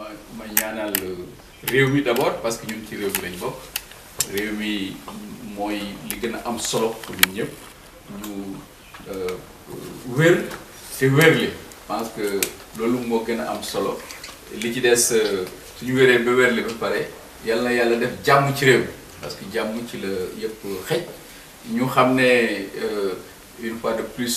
ma ma ñaanal réew mi d'abord parce que ñun ci réew mi lañ bokk réew mi mooy li gën a am solo pour ñun ñëpp ñu euh, wér te wérle pense que loolu moo gën a am solo li ci des euh, suñu wéree ba li ba pare yàlla na yàlla def jàmm ci réew mi parce que jàmm ci la yëpp xëj ñu xam ne euh, une fois de plus.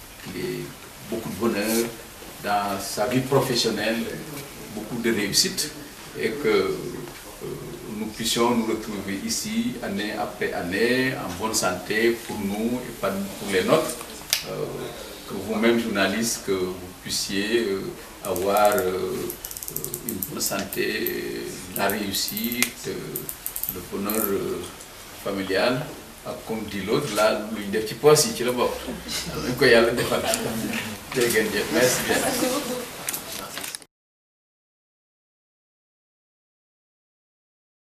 ait beaucoup de bonheur dans sa vie professionnelle, beaucoup de réussite et que euh, nous puissions nous retrouver ici année après année en bonne santé pour nous et pas pour les nôtres. Euh, que vous-même, journaliste, que vous puissiez euh, avoir une bonne santé, la réussite, le bonheur familial. ak comme dit l'autre là lu def ci poos yi ci la bokk. am nañu ko yàlla defal. jërëjëf merci bien.